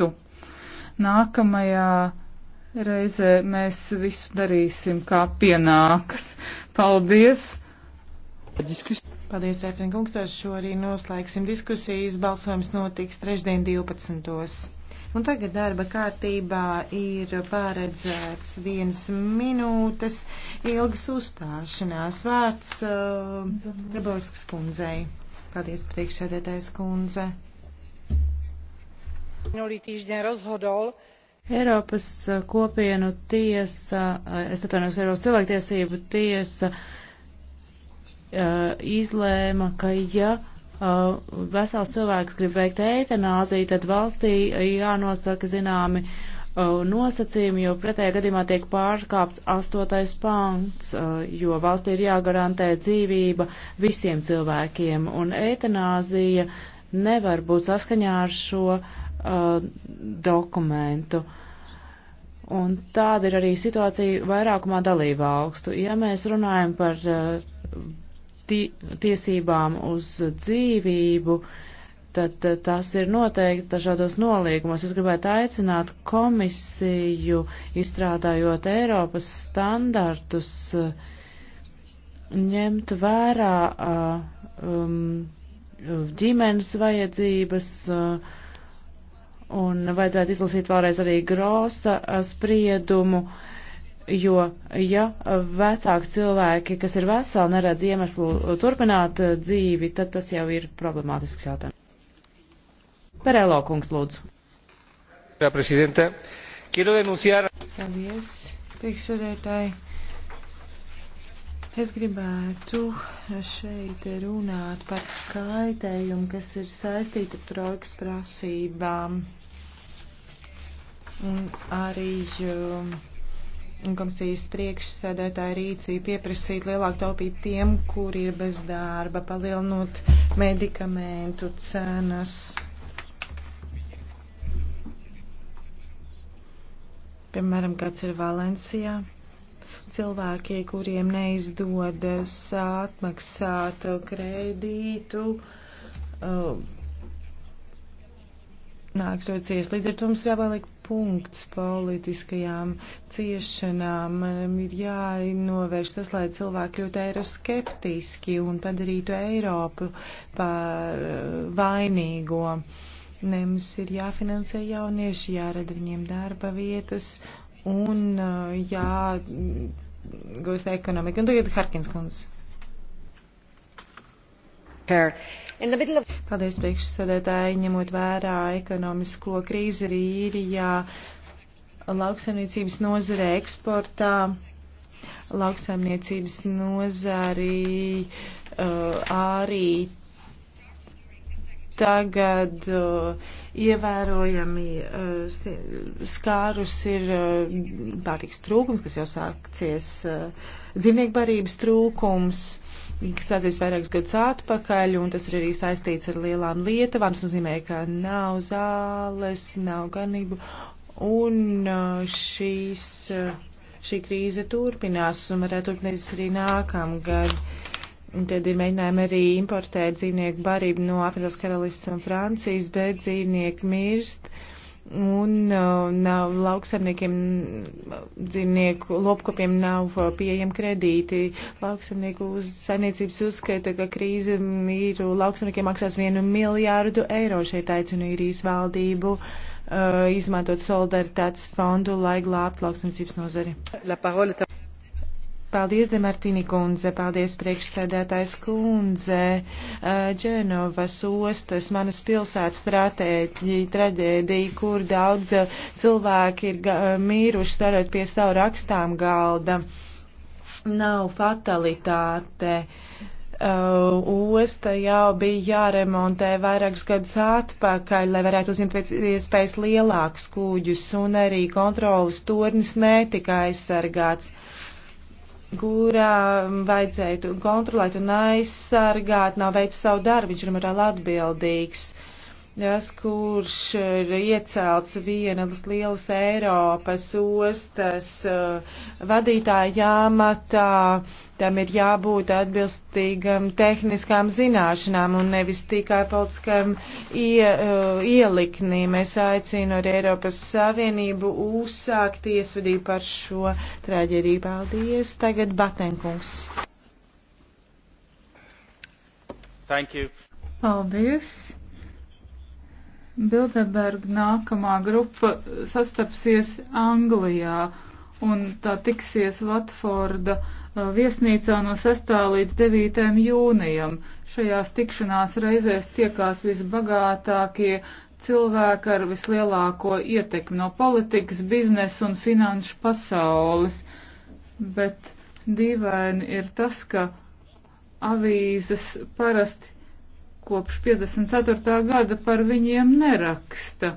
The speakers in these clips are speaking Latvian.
citu. Nākamajā reizē mēs visu darīsim, kā pienākas. Paldies! Paldies, Efrina kungs, ar šo arī noslēgsim diskusijas. Balsojums notiks trešdien 12. Un tagad darba kārtībā ir pāredzēts viens minūtes ilgas uzstāšanās vārds uh, Grabovskas kundzei. Paldies, priekšsēdētājs kundze minulý týždeň rozhodol, Eiropas eh, kopienu tiesa, eh, es atvainojos, Eiropas cilvēktiesību tiesa eh, izlēma, ka ja vesels cilvēks grib veikt eitanāziju, tad valstī jānosaka zināmi nosacījumi, jo pretējā gadījumā tiek pārkāpts astotais pants, jo valstī ir jāgarantē dzīvība visiem cilvēkiem, un eitanāzija nevar būt saskaņā ar šo uh, uh, dokumentu. Un tāda ir arī situācija vairākumā dalību valstu. Ja mēs runājam par uh, ti tiesībām uz dzīvību, tad uh, tas ir noteikts dažādos nolīgumos. Es gribētu aicināt komisiju, izstrādājot Eiropas standartus, uh, ņemt vērā uh, um, ģimenes vajadzības, uh, Un vajadzētu izlasīt vēlreiz arī grosa spriedumu, jo, ja vecāki cilvēki, kas ir veseli, neredz iemeslu turpināt dzīvi, tad tas jau ir problemātisks jautājums. Perēlo kungs, lūdzu. Paldies, priekšsēdētāji. Es gribētu šeit runāt par kaitējumu, kas ir saistīta ar trojkas prasībām. Un arī um, komisijas priekšsēdētāja rīcība pieprasīt lielāku taupību tiem, kuri ir bez darba, palielinot medikamentu cenas. Piemēram, kāds ir Valencijā. Cilvēki, kuriem neizdodas atmaksāt kredītu, um, nāks to ciest. Līdz ar to mums jāvēliek punkts politiskajām ciešanām. Man ir jānovērš tas, lai cilvēki kļūtu eiroskeptiski un padarītu Eiropu par uh, vainīgo. Ne, mums ir jāfinansē jaunieši, jārada viņiem darba vietas un jāgūst ekonomika. Un tagad Harkins kundze. Paldies priekšsēdētāji, ņemot vērā ekonomisko krīzi arī īrijā, lauksaimniecības nozare eksportā, lauksaimniecības nozari uh, arī tagad uh, ievērojami uh, skārus ir uh, pārtiks trūkums, kas jau sākties uh, dzīvniekbarības trūkums, kas sācies vairākus gadus atpakaļ, un tas ir arī saistīts ar lielām lietavām. Tas nozīmē, ka nav zāles, nav ganību, un uh, šīs, uh, šī krīze turpinās, un varētu turpināties arī nākamgad. Uh, Un tad ir mēģinājumi arī importēt dzīvnieku barību no Afrikas karalists un Francijas, bet dzīvnieki mirst. Un uh, nav lauksamniekiem, dzīvnieku lopkopiem nav uh, pieejami kredīti. Lauksamnieku uz, saimniecības uzskata, ka krīze ir lauksamniekiem maksās vienu miljārdu eiro. Šeit aicinu īrijas valdību uh, izmantot solidaritātes fondu, lai glābtu lauksamniecības nozari. Paldies, Demartīni kundze, paldies priekšsēdētājs kundze, Dženovas ostas, manas pilsētas stratēģija, traģēdija, kur daudz cilvēki ir mīruši starot pie savu rakstām galda. Nav fatalitāte. Uh, osta jau bija jāremontē vairākus gadus atpakaļ, lai varētu uzņemt pēc iespējas lielākus kūģus, un arī kontrolas tornis netika aizsargāts. Uh, kurā vajadzētu kontrolēt un aizsargāt, nav veicis savu darbu, viņš ir morāli atbildīgs. Uh, Tas, kurš ir iecelts vienas lielas Eiropas ostas eh, vadītāja jāmatā, tam ir jābūt atbilstīgam tehniskām zināšanām un nevis tikai politiskam ie, eh, ieliknī. Mēs aicinu arī Eiropas Savienību uzsākt tiesvedību par šo traģēdiju. Paldies! Tagad Batenkungs. Thank you. Paldies! Bilderberg nākamā grupa sastapsies Anglijā un tā tiksies Vatforda uh, viesnīcā no 6. līdz 9. jūnijam. Šajās tikšanās reizēs tiekās visbagātākie cilvēki ar vislielāko ietekmi no politikas, biznesa un finanšu pasaules. Bet dīvaini ir tas, ka avīzes parasti kopš 54. gada par viņiem neraksta,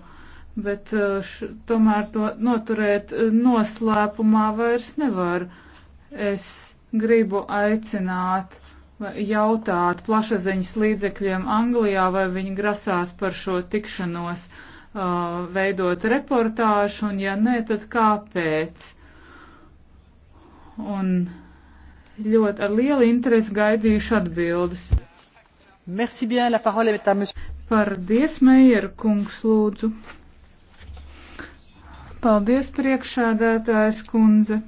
bet uh, š, tomēr to noturēt uh, noslēpumā vairs nevar. Es gribu aicināt jautāt plašaziņas līdzekļiem Anglijā, vai viņi grasās par šo tikšanos uh, veidot reportāžu, un ja nē, tad kāpēc? Un ļoti ar lielu interesi gaidījuši atbildes. Merci bien, la parole est à monsieur. Paldies, Meijer kungs, lūdzu. Paldies, priekšādātājs kundze.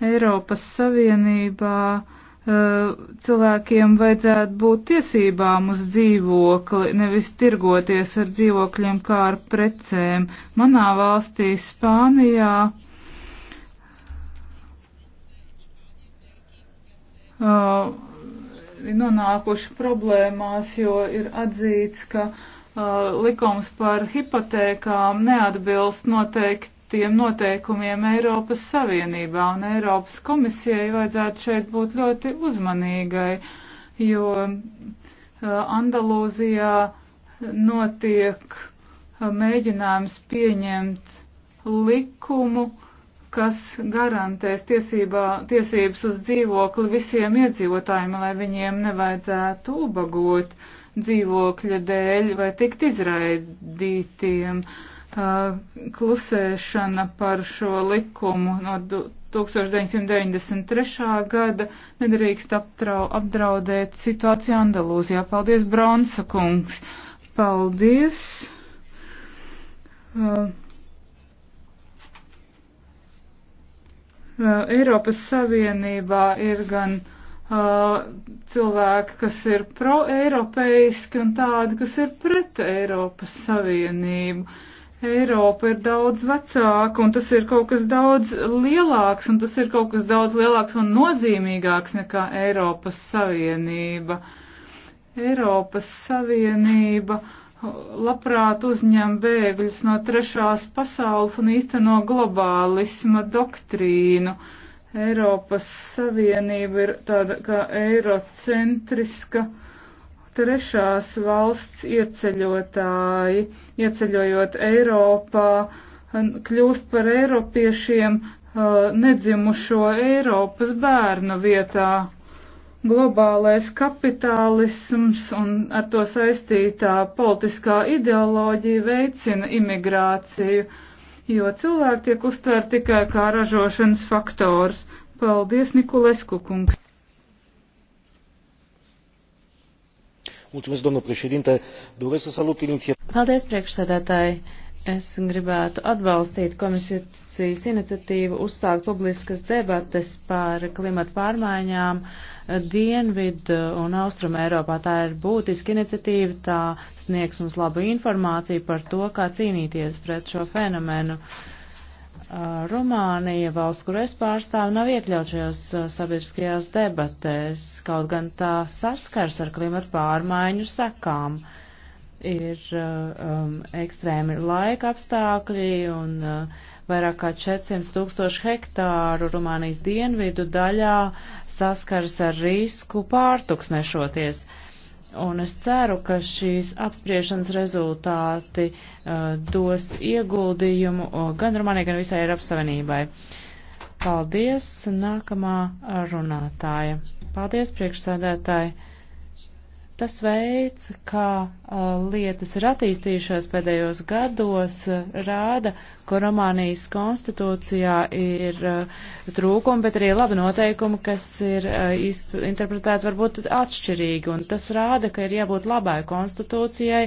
Eiropas Savienībā eh, cilvēkiem vajadzētu būt tiesībām uz dzīvokli, nevis tirgoties ar dzīvokļiem kā ar precēm. Manā valstī, Spānijā, uh, nonākuši problēmās, jo ir atzīts, ka uh, likums par hipotēkām neatbilst noteiktiem noteikumiem Eiropas Savienībā, un Eiropas komisijai vajadzētu šeit būt ļoti uzmanīgai, jo uh, Andalūzijā notiek uh, mēģinājums pieņemt likumu, uh, kas garantēs tiesībā, tiesības uz dzīvokli visiem iedzīvotājiem, lai viņiem nevajadzētu ubagot dzīvokļa dēļ vai tikt izraidītiem. Klusēšana par šo likumu no 1993. gada nedrīkst aptrau, apdraudēt situāciju Andalūzijā. Paldies, Bronsa kungs! Paldies! Uh. Eiropas Savienībā ir gan uh, cilvēki, kas ir pro-eiropeiski un tādi, kas ir pret Eiropas Savienību. Eiropa ir daudz vecāka un tas ir kaut kas daudz lielāks un tas ir kaut kas daudz lielāks un nozīmīgāks nekā Eiropas Savienība. Eiropas Savienība uh, labprāt uzņem bēgļus no trešās pasaules un īsteno globālisma doktrīnu. Eiropas Savienība ir tāda kā eirocentriska trešās valsts ieceļotāji, ieceļojot Eiropā, kļūst par eiropiešiem uh, nedzimušo Eiropas bērnu vietā globālais kapitālisms un ar to saistītā politiskā ideoloģija veicina imigrāciju, jo cilvēki tiek uztvērti tikai kā ražošanas faktors. Paldies, Nikolesku kungs! Mulțumesc, domnul președinte. Doresc să salut inițiativa. Paldies, priekšsēdētāji. Es gribētu atbalstīt komisijas iniciatīvu uzsākt publiskas debates par klimatu pārmaiņām Dienvidu un Austrumu Eiropā. Tā ir būtiska iniciatīva, tā sniegs mums labu informāciju par to, kā cīnīties pret šo fenomenu. Rumānija, valsts, kur es pārstāvu, nav iekļaut šajās sabiedriskajās debatēs, kaut gan tā saskars ar klimatu pārmaiņu sekām. Uh, ir um, ekstrēmi laika apstākļi un uh, vairāk kā 400 tūkstoši hektāru Rumānijas dienvidu daļā saskars ar risku pārtuksnešoties. Un es ceru, ka šīs apspriešanas rezultāti uh, dos ieguldījumu uh, gan Rumānijai, gan visai Eiropas Savienībai. Paldies, nākamā runātāja. Paldies, priekšsēdētāji. Tas veids, kā uh, lietas ir attīstījušās pēdējos gados, uh, rāda, ka Romānijas konstitūcijā ir uh, trūkumi, bet arī labi noteikumi, kas ir uh, interpretēts varbūt atšķirīgi, un tas rāda, ka ir jābūt labai konstitūcijai,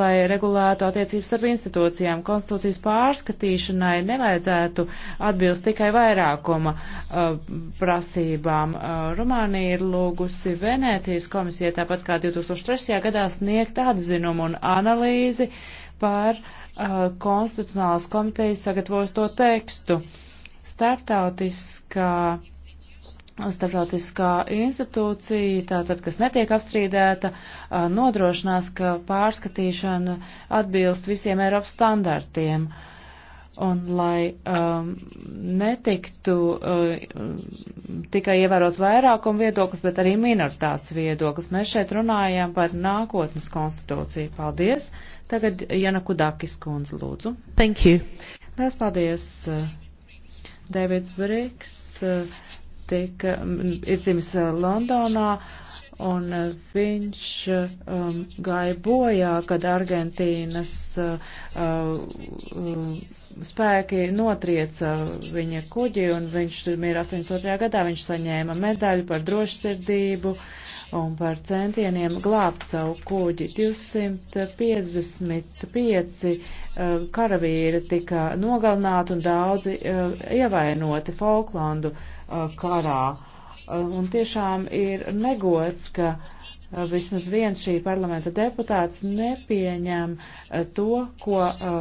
lai regulētu attiecības starp institūcijām. Konstitūcijas pārskatīšanai nevajadzētu atbilst tikai vairākuma uh, prasībām. Uh, Romānija ir lūgusi Venēcijas komisijai tāpat kā 2003. gadā sniegt atzinumu un analīzi, uh, par uh, konstitucionālas komitejas sagatavoto tekstu. Startautiskā, starptautiskā institūcija, tātad, kas netiek apstrīdēta, uh, nodrošinās, ka pārskatīšana atbilst visiem Eiropas standartiem. Uh, un lai um, netiktu uh, tikai ievērots vairākuma viedoklis, bet arī minoritātes viedoklis. Mēs šeit runājam par nākotnes konstitūciju. Paldies. Tagad Jana Kudakis kundze lūdzu. Thank you. Lielas paldies. Uh, Davids Briks uh, tika, um, ir dzimis uh, Londonā un viņš um, gāja bojā, kad Argentīnas uh, uh, spēki notrieca viņa kuģi, un viņš mīra 82. gadā, viņš saņēma medaļu par drošsirdību un par centieniem glābt savu kuģi. 255 e, karavīri tika nogalināti un daudzi e, ievainoti Folklandu e, karā. Un tiešām ir negods, ka Eh, vismaz viens šī parlamenta deputāts nepieņem eh, to, ko uh,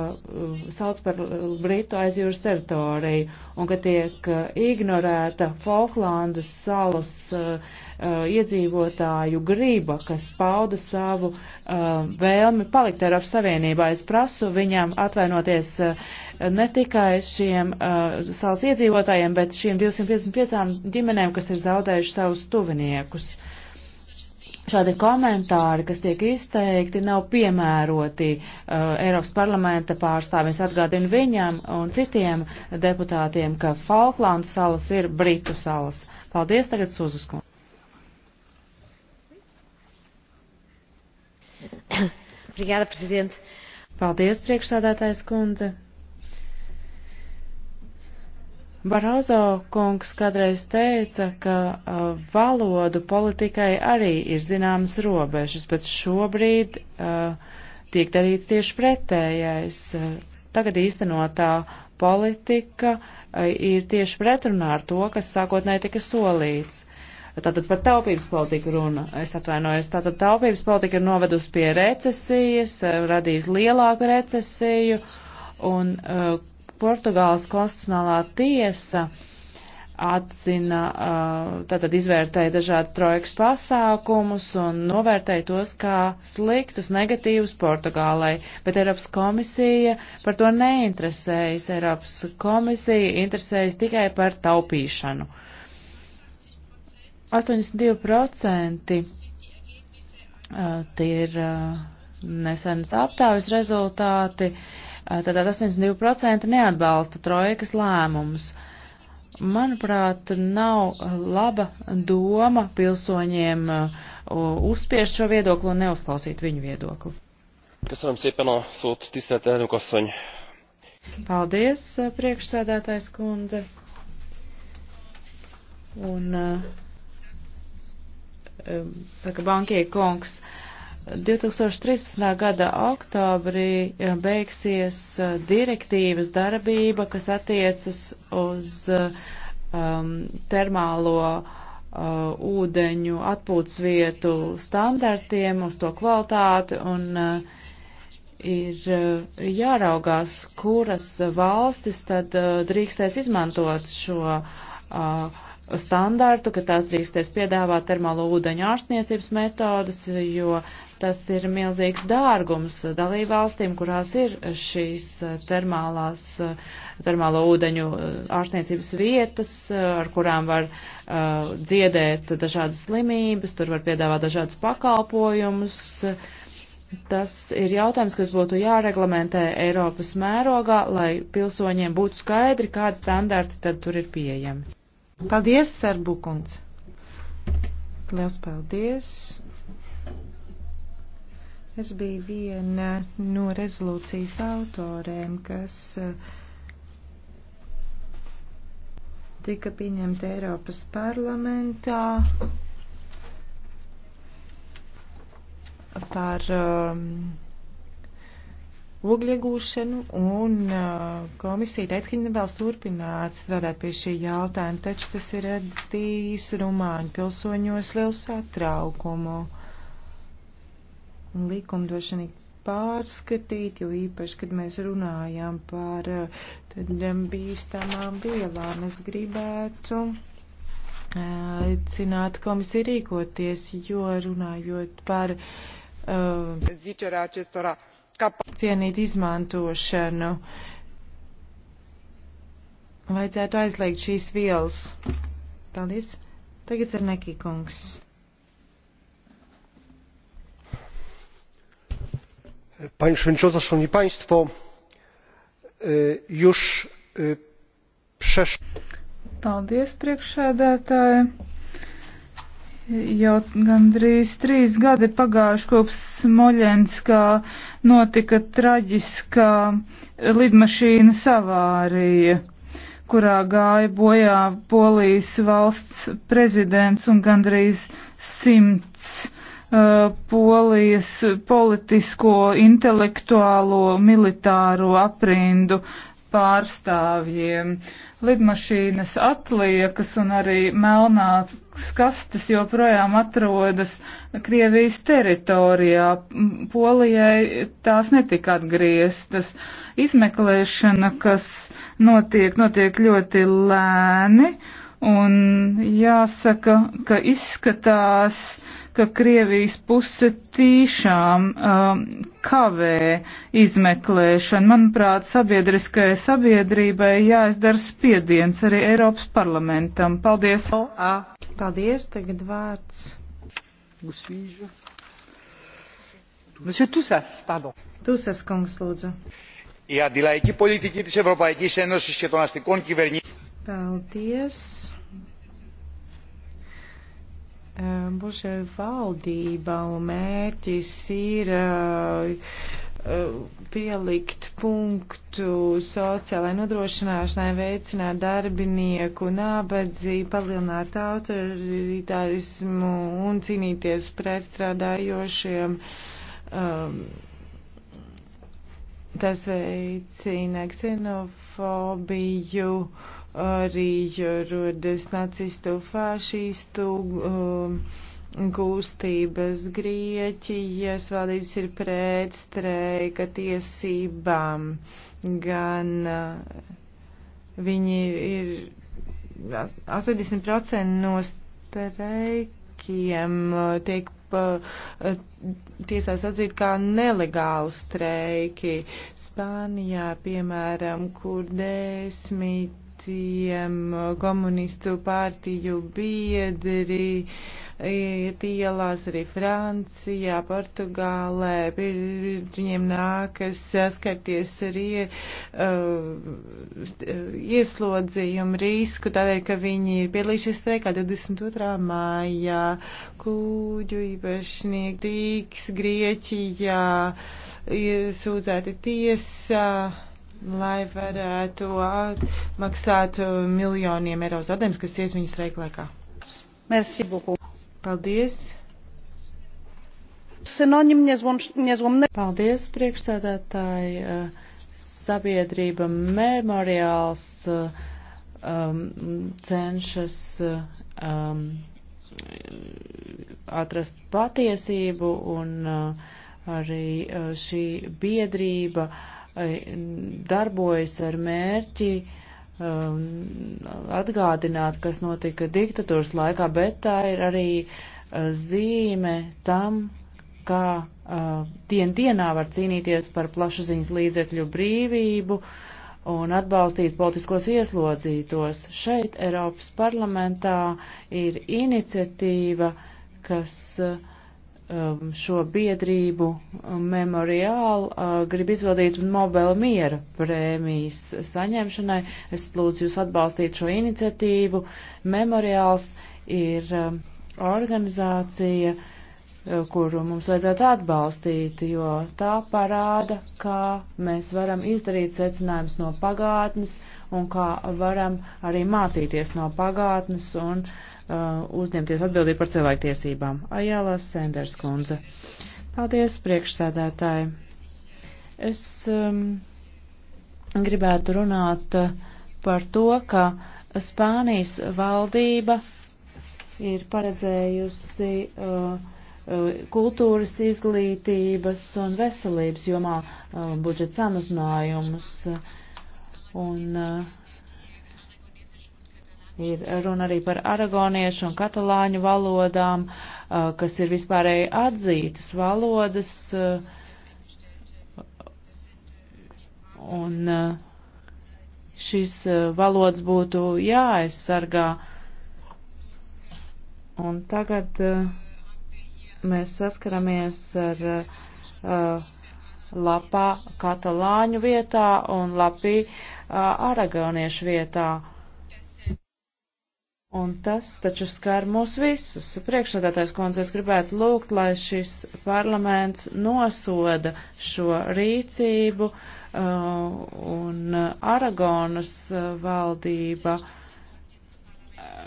sauc par Britu aizjūras teritoriju, un ka tiek ignorēta Falklandas salas uh, uh, iedzīvotāju grība, kas pauda savu vēlmi palikt Eiropas Savienībā. Es prasu viņam atvainoties ne tikai šiem salas iedzīvotājiem, bet šiem 255 ģimenēm, kas ir zaudējuši savus tuviniekus. Uh, Šādi komentāri, kas tiek izteikti, nav piemēroti uh, Eiropas parlamenta pārstāvjiem. Es atgādinu viņam un citiem deputātiem, ka Falklandu salas ir Britu salas. Paldies tagad Suzusku. Brigāda prezidents. Paldies, priekšsādātājs kundze. Barozo kungs kādreiz teica, ka uh, valodu politikai arī ir zināmas robežas, bet šobrīd uh, tiek darīts tieši pretējais. Uh, tagad īstenotā politika uh, ir tieši pretrunā ar to, kas sākotnēji tika solīts. Tātad par taupības politiku runa, es atvainojos, tātad taupības politika ir novedusi pie recesijas, uh, radījis lielāku recesiju un uh, Portugāles konstitucionālā tiesa atzina, uh, tātad izvērtēja dažādas trojkas pasākumus un novērtēja tos kā sliktus, negatīvus Portugālei, bet Eiropas komisija par to neinteresējas. Eiropas komisija interesējas tikai par taupīšanu. 82% uh, tie ir uh, nesenas aptāvis rezultāti. Uh, Tātad 82% neatbalsta trojkas lēmumus. Manuprāt, nav laba doma pilsoņiem uzspiest šo viedokli un neuzklausīt viņu viedokli. Köszönöm szépen a szót, tisztelt elnök asszony! Paldies, priekšsēdētājs kundze. Un, saka, bankie kungs, uh, 2013. gada oktobrī eh, beigsies eh, direktīvas darbība, kas attiecas uz eh, um, termālo uh, ūdeņu atpūtas vietu standartiem, uz to kvalitāti un uh, ir jāraugās, kuras valstis tad drīkstēs izmantot šo uh, standārtu, ka tās drīksties piedāvāt termālo ūdeņu ārstniecības metodas, jo tas ir milzīgs dārgums dalībvalstīm, kurās ir šīs eh, termālās, eh, termālo ūdeņu eh, ārstniecības vietas, ar kurām var uh, dziedēt dažādas slimības, tur var piedāvāt dažādus pakalpojumus. Tas ir jautājums, kas būtu jāreglamentē Eiropas mērogā, lai pilsoņiem būtu skaidri, kādi standarti tad tur ir pieejami. Paldies, Sarbukunds. Liels paldies. Es biju viena no rezolūcijas autoriem, kas eh, tika pieņemta Eiropas parlamentā par um, ogļiegūšanu, un uh, komisija teica, ka viņi vēlas turpināt strādāt pie šī jautājuma, taču tas ir radījis Rumāņu pilsoņos lielu satraukumu. Likumdošana ir pārskatīt, jo īpaši, kad mēs runājam par uh, tādām um, bīstamām vielām, es gribētu uh, aicināt komisiju rīkoties, jo runājot par uh, zicerā acestora cienīt izmantošanu. Vajadzētu aizliegt šīs vielas. Paldies. Tagad ir nekīkungs. pani przewodnicząca! szanowni państwo! E, już e, przeszło. paldies priekšsēdētāji. Jau gandrīz trīs gadi pagājuši kopš Smoļenskā notika traģiskā lidmašīna savārija, kurā gāja bojā Polijas valsts prezidents un gandrīz simts uh, Polijas politisko, intelektuālo, militāro aprindu pārstāvjiem. Lidmašīnas atliekas un arī melnā kastes joprojām atrodas Krievijas teritorijā. Polijai tās netika atgrieztas. Izmeklēšana, kas notiek, notiek ļoti lēni. Un jāsaka, ka izskatās, ka Krievijas puse tīšām um, kavē izmeklēšanu. Manuprāt, sabiedriskajai sabiedrībai jāizdara spiediens arī Eiropas parlamentam. Paldies! O, Paldies, tagad vārds. Monsieur Tusas, pardon. Tusas, kungs, lūdzu. Η αντιλαϊκή πολιτική της Ευρωπαϊκής Ένωσης και των αστικών κυβερνήσεων. Paldies. Bušai valdība un mērķis ir uh, Uh, pielikt punktu sociālai nodrošināšanai, veicināt darbinieku nabadzību, palielināt autoritārismu un cīnīties pret strādājošiem. Um, tas veicina ksenofobiju, arī rodas nacistu, fašistu. Um, gūstības Grieķijas valdības ir pret streika tiesībām, gan uh, viņi ir 80% uh, no streikiem uh, tiek tiesās atzīt kā nelegāli streiki. Spānijā, piemēram, kur desmitiem komunistu partiju biedri uh, iet ielās arī Francijā, Portugālē, viņiem nākas saskarties ar ie, uh, uh ieslodzījumu risku, tādēļ, ka viņi ir piedalījušies streikā 22. mājā, kūģu īpašnieki tiks Grieķijā, sūdzēti tiesā. Uh, lai varētu maksāt miljoniem eiro zaudējumus, kas cieš viņu streiklēkā. Merci beaucoup. Paldies! Sinonim nezlomne. Paldies, priekšsēdētāji. Eh, sabiedrība memoriāls eh, um, cenšas eh, um, atrast patiesību un uh, arī uh, šī biedrība uh, darbojas ar mērķi uh, Um, atgādināt, kas notika diktatūras laikā, bet tā ir arī uh, zīme tam, kā dien uh, dienā var cīnīties par plašsaziņas līdzekļu brīvību un atbalstīt politiskos ieslodzītos. Šeit Eiropas parlamentā ir iniciatīva, kas uh, um, šo biedrību um, memoriālu uh, grib izvadīt Nobela miera prēmijas saņemšanai. Es lūdzu jūs atbalstīt šo iniciatīvu. Memoriāls ir um, organizācija, uh, Eh, kuru mums vajadzētu atbalstīt, jo tā parāda, kā mēs varam izdarīt secinājumus no pagātnes un kā varam arī mācīties no pagātnes un uh, uzņemties atbildību par cilvēktiesībām. Ajālā Senders kundze. Paldies, priekšsēdētāji. Es um, gribētu runāt eh, par to, ka Spānijas valdība ir paredzējusi uh, Eh, kultūras izglītības un veselības jomā eh, budžeta samazinājumus. Un eh, ir runa arī par aragoniešu un katalāņu valodām, kas ir vispārēji atzītas valodas. Un šīs valodas būtu jāaizsargā. Un tagad uh, mēs saskaramies ar uh, lapā katalāņu vietā un lapī uh, aragoniešu vietā. Un tas taču skar mūs visus. Priekšsēdētājs kundze, es gribētu lūgt, lai šis parlaments nosoda šo rīcību uh, un Aragonas uh, valdība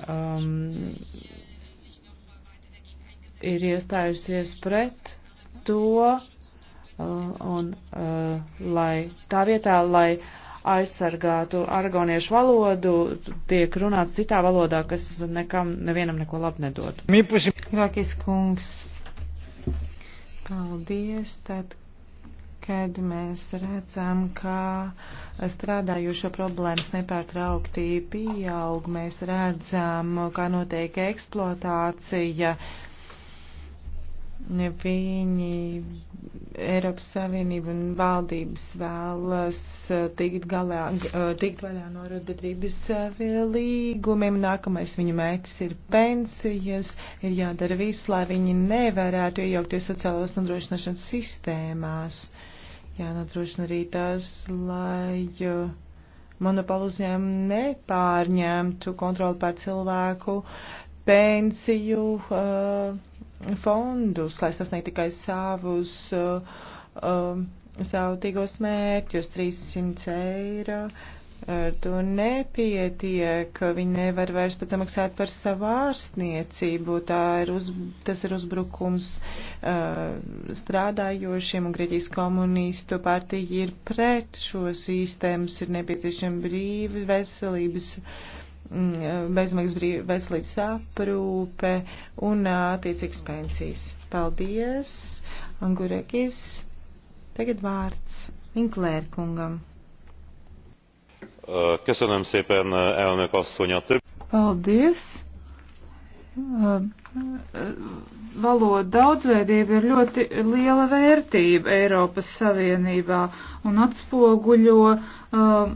um, ir iestājusies pret to, uh, un uh, lai tā vietā, lai aizsargātu argoniešu valodu, tiek runāts citā valodā, kas nekam, nevienam neko labu nedod. Mīpuši. Rakis kungs, paldies, tad, kad mēs redzam, ka strādājušo problēmas nepārtraukti pieaug, mēs redzam, kā notiek eksploatācija Viņi Eiropas Savienība un valdības vēlas uh, tikt, galā, uh, tikt vaļā no arotbiedrības uh, līgumiem. Nākamais viņu mērķis ir pensijas. Ir jādara viss, lai viņi nevarētu iejaukties sociālās nodrošināšanas sistēmās. Jānodrošina arī tas, lai monopolu uzņēmumu nepārņemtu kontroli pār cilvēku pensiju. Uh, fondus, lai sasniegtu tikai savus, uh, uh, savu tīgos mērķus, 300 eiro. Ar to nepietiek, viņi nevar vairs pat samaksāt par savu ārstniecību. Ir uz, tas ir uzbrukums uh, strādājošiem, un Grieķijas komunistu partija ir pret šo sistēmas, ir nepieciešama brīva veselības. Uh, Mm, bezmaksas brīv, veselības aprūpe un attiecīgas pensijas. Paldies, Angurekis. Tagad vārds Inklērkungam. Köszönöm szépen, elnök asszony, a több. Paldies! Valoda daudzveidība ir ļoti liela vērtība Eiropas Savienībā un atspoguļo uh,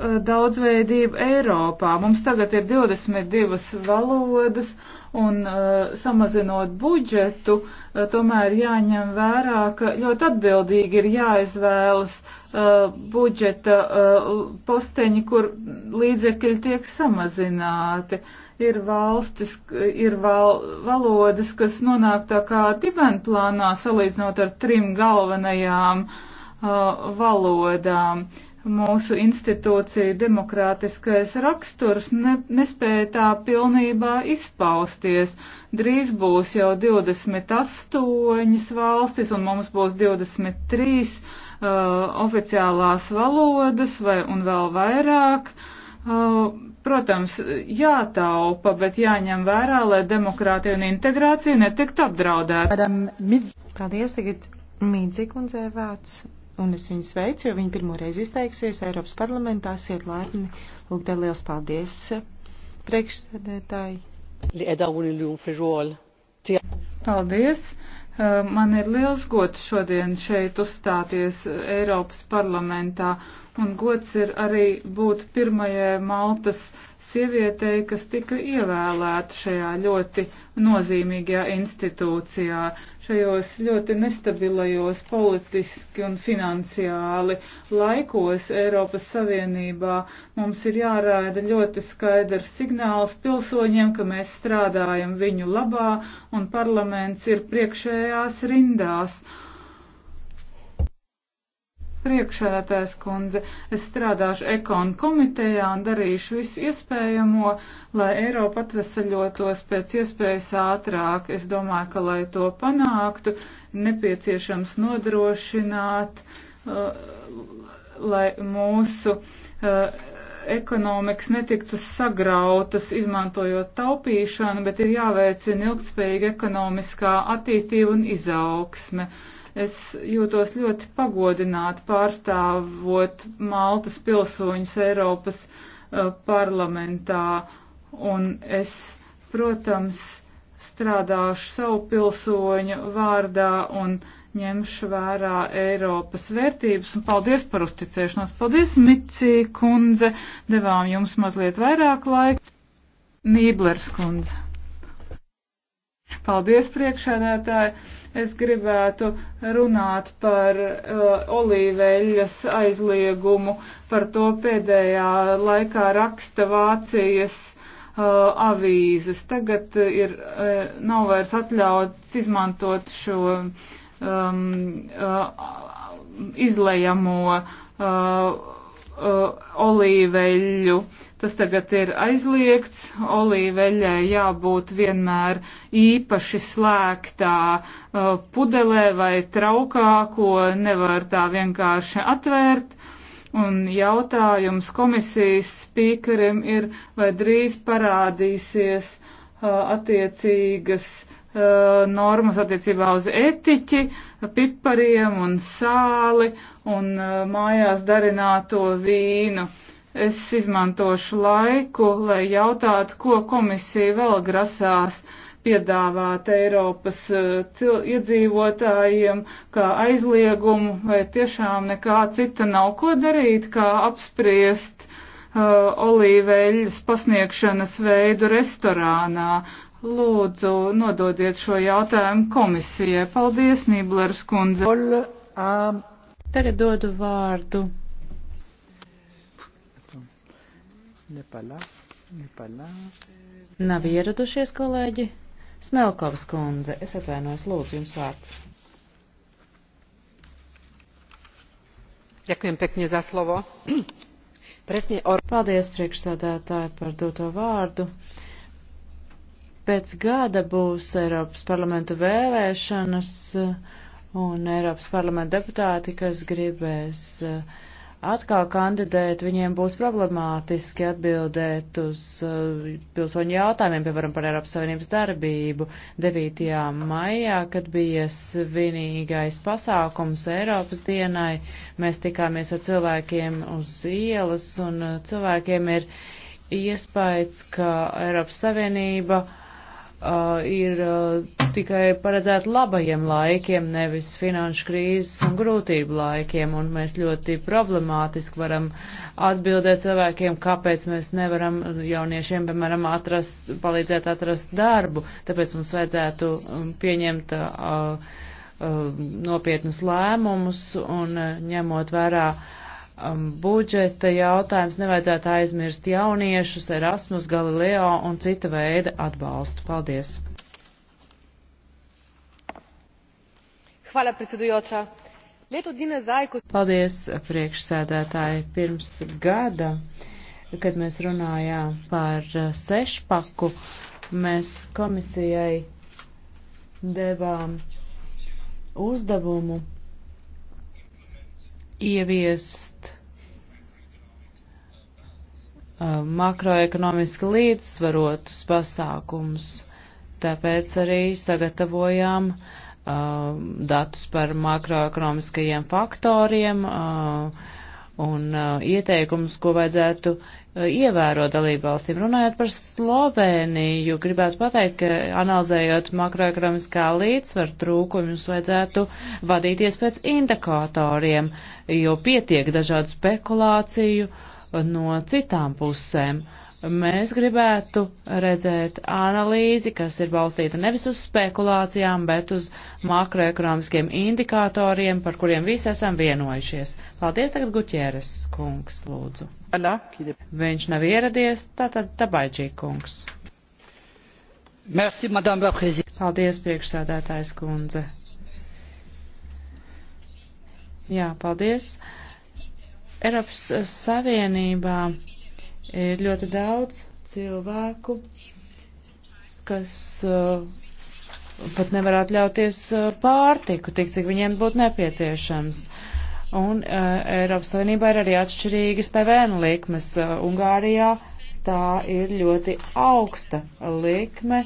Eh, daudzveidību Eiropā. Mums tagad ir 22 valodas un uh, samazinot budžetu, uh, tomēr jāņem vērā, ka ļoti atbildīgi ir jāizvēlas uh, budžeta uh, posteņi, kur līdzekļi tiek samazināti. Ir valstis, ir val, valodas, kas nonāk tā kā dibenplānā salīdzinot ar trim galvenajām uh, valodām. Uh, mūsu institūcija demokrātiskais raksturs ne, nespēja tā pilnībā izpausties. Drīz būs jau 28 valstis un mums būs 23 uh, oficiālās valodas vai un vēl vairāk. Uh, protams, jātaupa, bet jāņem vērā, lai demokrātija un integrācija netiktu apdraudēta. Paldies, tagad Mīdzi kundzei vārds un es viņu sveicu, jo viņi pirmoreiz izteiksies Eiropas parlamentā. Siet laipni, lūgdēļ liels paldies priekšsēdētāji. Paldies! Uh, man ir liels gods šodien šeit uzstāties Eiropas parlamentā, un gods ir arī būt pirmajai Maltas sievietei, kas tika ievēlēta šajā ļoti nozīmīgajā institūcijā, šajos ļoti nestabilajos politiski un finansiāli laikos Eiropas Savienībā. Mums ir jārāda ļoti skaidrs signāls pilsoņiem, ka mēs strādājam viņu labā un parlaments ir priekšējās rindās priekšētājs kundze, es strādāšu ekonu komitejā un darīšu visu iespējamo, lai Eiropa atvesaļotos pēc iespējas ātrāk. Es domāju, ka, lai to panāktu, nepieciešams nodrošināt, uh, lai mūsu uh, ekonomikas netiktu sagrautas, izmantojot taupīšanu, bet ir jāveicina ilgspējīga ekonomiskā attīstība un izaugsme. Uh, Es jūtos ļoti pagodināti pārstāvot Maltas pilsoņus Eiropas uh, parlamentā, un es, protams, strādāšu savu pilsoņu vārdā un ņemšu vērā Eiropas vērtības, un paldies par uzticēšanos. Paldies, Micī kundze, devām jums mazliet vairāk laika. Nīblers kundze. Paldies, priekšēdētāji! Es gribētu runāt par uh, olīveļas aizliegumu. Par to pēdējā laikā raksta Vācijas uh, avīzes. Tagad ir, uh, nav vairs atļauts izmantot šo um, uh, izlejamo uh, uh, olīveļu. Tas tagad ir aizliegts, olīveļai jābūt vienmēr īpaši slēgtā uh, pudelē vai traukā, ko nevar tā vienkārši atvērt. Un jautājums komisijas spīkerim ir, vai drīz parādīsies uh, attiecīgas Uh, normas attiecībā uz etiķi, pipariem un sāli un uh, mājās darināto vīnu. Es izmantošu laiku, lai jautātu, ko komisija vēl grasās piedāvāt Eiropas uh, cil, iedzīvotājiem kā aizliegumu, vai tiešām nekā cita nav ko darīt, kā apspriest uh, olīveļas pasniegšanas veidu restorānā, Lūdzu, nododiet šo jautājumu komisijai. Paldies, Nīblers kundze. Tagad dodu vārdu. Nav ieradušies kolēģi. Smelkovs kundze, es atvainojos, lūdzu, jums vārds. Ďakujem pekne za slovo. Presne or... Paldies, priekšsādātāji, par doto vārdu. Uh, Pēc gada būs Eiropas parlamenta vēlēšanas eh, un Eiropas parlamenta deputāti, kas gribēs eh, atkal kandidēt, viņiem būs problemātiski atbildēt uz eh, pilsoņu jautājumiem, piemēram, par Eiropas Savienības darbību 9. maijā, kad bija svinīgais pasākums Eiropas dienai. Mēs tikāmies ar cilvēkiem uz ielas un cilvēkiem ir iespējas, ka Eiropas Savienība uh, uh, ir uh, tikai paredzēta labajiem laikiem, nevis finanšu krīzes un grūtību laikiem, un mēs ļoti problemātiski varam atbildēt cilvēkiem, kāpēc mēs nevaram jauniešiem, piemēram, atrast, palīdzēt atrast darbu, tāpēc mums vajadzētu um, pieņemt uh, uh, nopietnus lēmumus un uh, ņemot vērā uh, budžeta jautājums nevajadzētu aizmirst jauniešus, Erasmus, Galileo un cita veida atbalstu. Paldies! Hvala, predsedujoča. Leto dni nazaj, ko... Paldies, priekšsēdētāji. Pirms gada, kad mēs runājām par eh, sešpaku, mēs komisijai devām uzdevumu ieviest Uh, makroekonomiski līdzsvarotus pasākumus. Tāpēc arī sagatavojām uh, datus par makroekonomiskajiem faktoriem uh, un uh, ieteikumus, ko vajadzētu uh, ievērot dalībvalstīm. Runājot par Sloveniju, gribētu pateikt, ka analizējot makroekonomiskā līdzsvaru trūkumu, jums vajadzētu vadīties pēc indikatoriem, jo pietiek dažādu spekulāciju. Uh, no citām pusēm. Mēs gribētu redzēt analīzi, kas ir balstīta nevis uz spekulācijām, bet uz makroekonomiskiem indikatoriem, par kuriem visi esam vienojušies. Paldies tagad Guķieres kungs, lūdzu. Viņš nav ieradies, tātad Tabaidžī kungs. Merci, Paldies, priekšsēdētājs kundze. Jā, paldies. Uh, Eiropas Savienībā ir ļoti daudz cilvēku, kas uh, pat nevar atļauties uh, pārtiku tik, cik viņiem būtu nepieciešams. Un uh, Eiropas Savienībā ir arī atšķirīgas PVN likmes. Uh, Ungārijā tā ir ļoti augsta likme.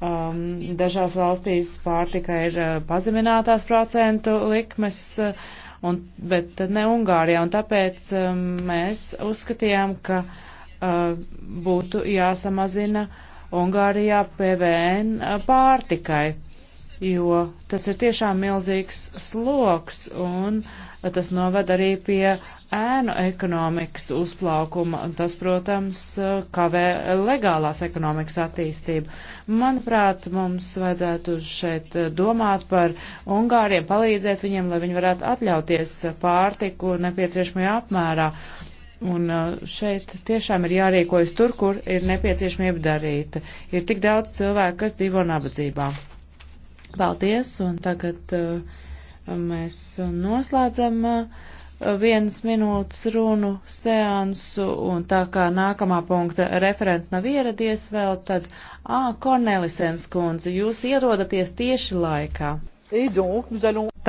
Um, dažās valstīs pārtika ir uh, pazeminātās procentu likmes. Uh, un, bet ne Ungārijā. Un tāpēc um, mēs uzskatījām, ka uh, būtu jāsamazina Ungārijā PVN uh, pārtikai jo tas ir tiešām milzīgs sloks un tas noved arī pie ēnu ekonomikas uzplaukuma un tas, protams, kavē legālās ekonomikas attīstību. Manuprāt, mums vajadzētu šeit domāt par Ungāriem, palīdzēt viņiem, lai viņi varētu atļauties pārtiku nepieciešamajā apmērā. Un uh, šeit tiešām ir jārīkojas tur, kur ir nepieciešamība darīt. Ir tik daudz cilvēku, kas dzīvo nabadzībā. Paldies, un tagad uh, mēs noslēdzam uh, vienas minūtes runu seansu, un tā kā nākamā punkta referents nav ieradies vēl, tad, ā, Kornelisens kundze, jūs ierodaties tieši laikā.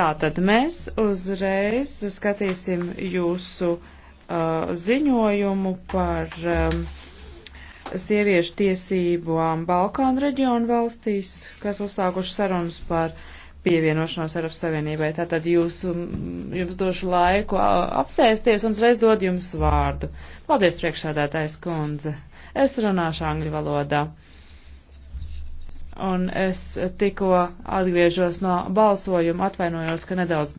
Tātad mēs uzreiz skatīsim jūsu uh, ziņojumu par um, sieviešu tiesībām Balkānu reģionu valstīs, kas uzsākuši sarunas par pievienošanos Eiropas Savienībai. Tātad jūs, um, jums došu laiku apsēsties un uzreiz dod jums vārdu. Paldies, priekšsādātājs kundze. Es runāšu angļu valodā. Un es tikko atgriežos no balsojuma, atvainojos, ka nedaudz